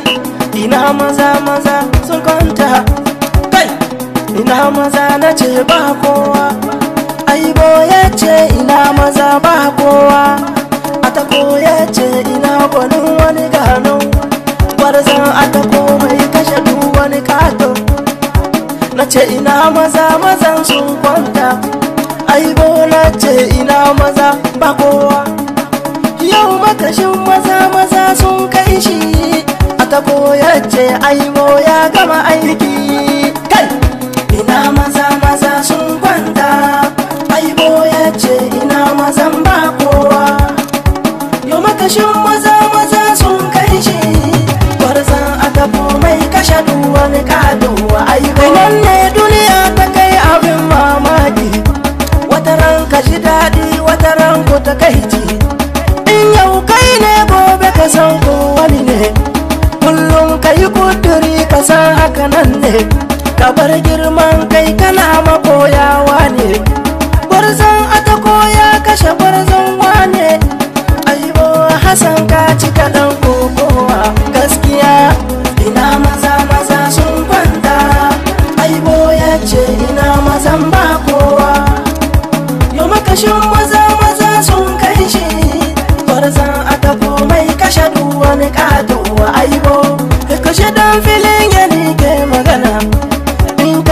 kai ina maza maza sun kwanta kai ina maza na ce ba kowa aibo ya ce ina maza ba kowa atako ya ce ina gwanin wani gano gwarzon atako mai kashe duk wani kato na ce ina maza maza sun kwanta aibo na ce ina maza ba kowa yau makashin ta koyacce aimo ya gama aiki kai ina maza maza sun kwanta aibo ya ce ina mazan ba kowa yau makashin maza maza sun kai shi gwarzan a tabo mai kashe duwani kaduwa aibo ne ne kabar girman kai kana makoyawa ne gwarzon ata ya kashe gwarzon wane aibo hasan ka cika kaɗan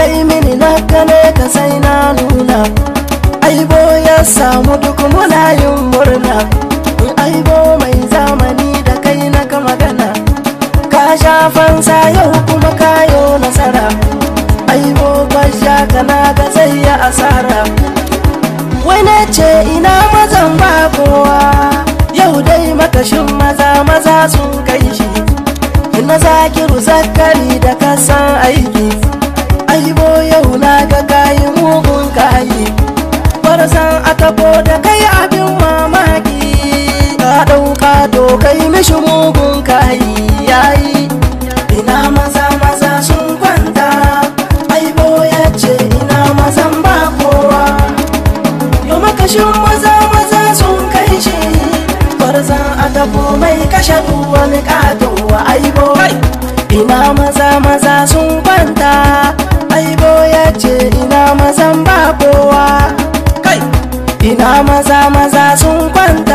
kai mini na ka sai na nuna aibo ya samu duk mulayin murna murna aibo mai zamani da kai na ka magana ka sha fansa yau kuma kayo nasara aibo kwasha kana ka sai ya asara wai na ce ina mazan ba yau dai makashin maza maza sun kai shi na zakiru zakari da kasan aiki shaɗu wani ƙato wa aibo ina maza maza sun kwanta aibo ya ce ina mazan ba ina maza maza sun kwanta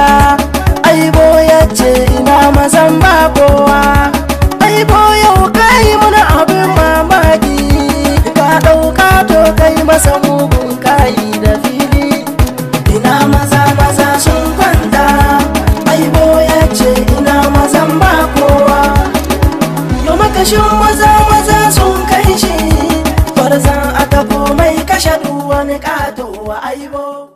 Shin maza maza sun kanshi, gwarzan aka mai kashe duwani ƙato wa aibo.